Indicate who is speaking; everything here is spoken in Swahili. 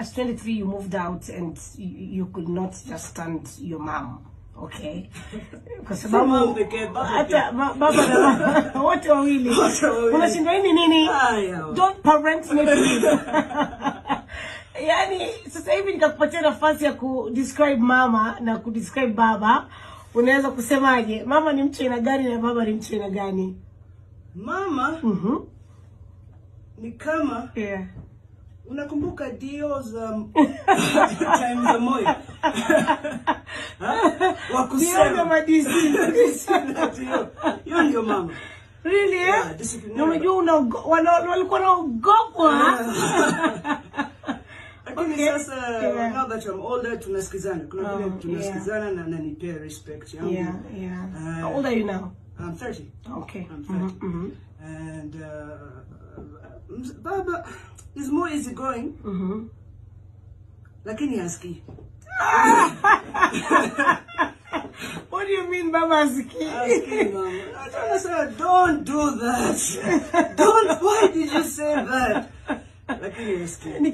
Speaker 1: at 23 you moved out and you you could not just stand your mom okay kwa sababu hata baba na mama wote wawili unashindwa nini nini
Speaker 2: ah,
Speaker 1: don't parent me yani sasa hivi nikakupatia nafasi ya kudescribe mama na kudescribe baba unaweza kusemaje mama ni mtu aina gani na baba ni mtu aina gani
Speaker 2: mama mm -hmm. ni kama yeah Unakumbuka Dio's um, time za moyo wa kusema hiyo ndio mama
Speaker 1: really eh? yeah, na unajua walikuwa naogopa
Speaker 2: lakini sasa yeah. now that I'm older tunasikizana kuna vile oh, tunasikizana yeah. na nanipea respect
Speaker 1: yangu yeah, yeah. Uh, how old are you now I'm 30 okay I'm 30 mm -hmm.
Speaker 2: and uh, baba Is more going. mm -hmm. lakini hasikii
Speaker 1: What do you mean, Mama Aziki?
Speaker 2: Aziki, Mama. don't do that. don't, why did you say that? Like, you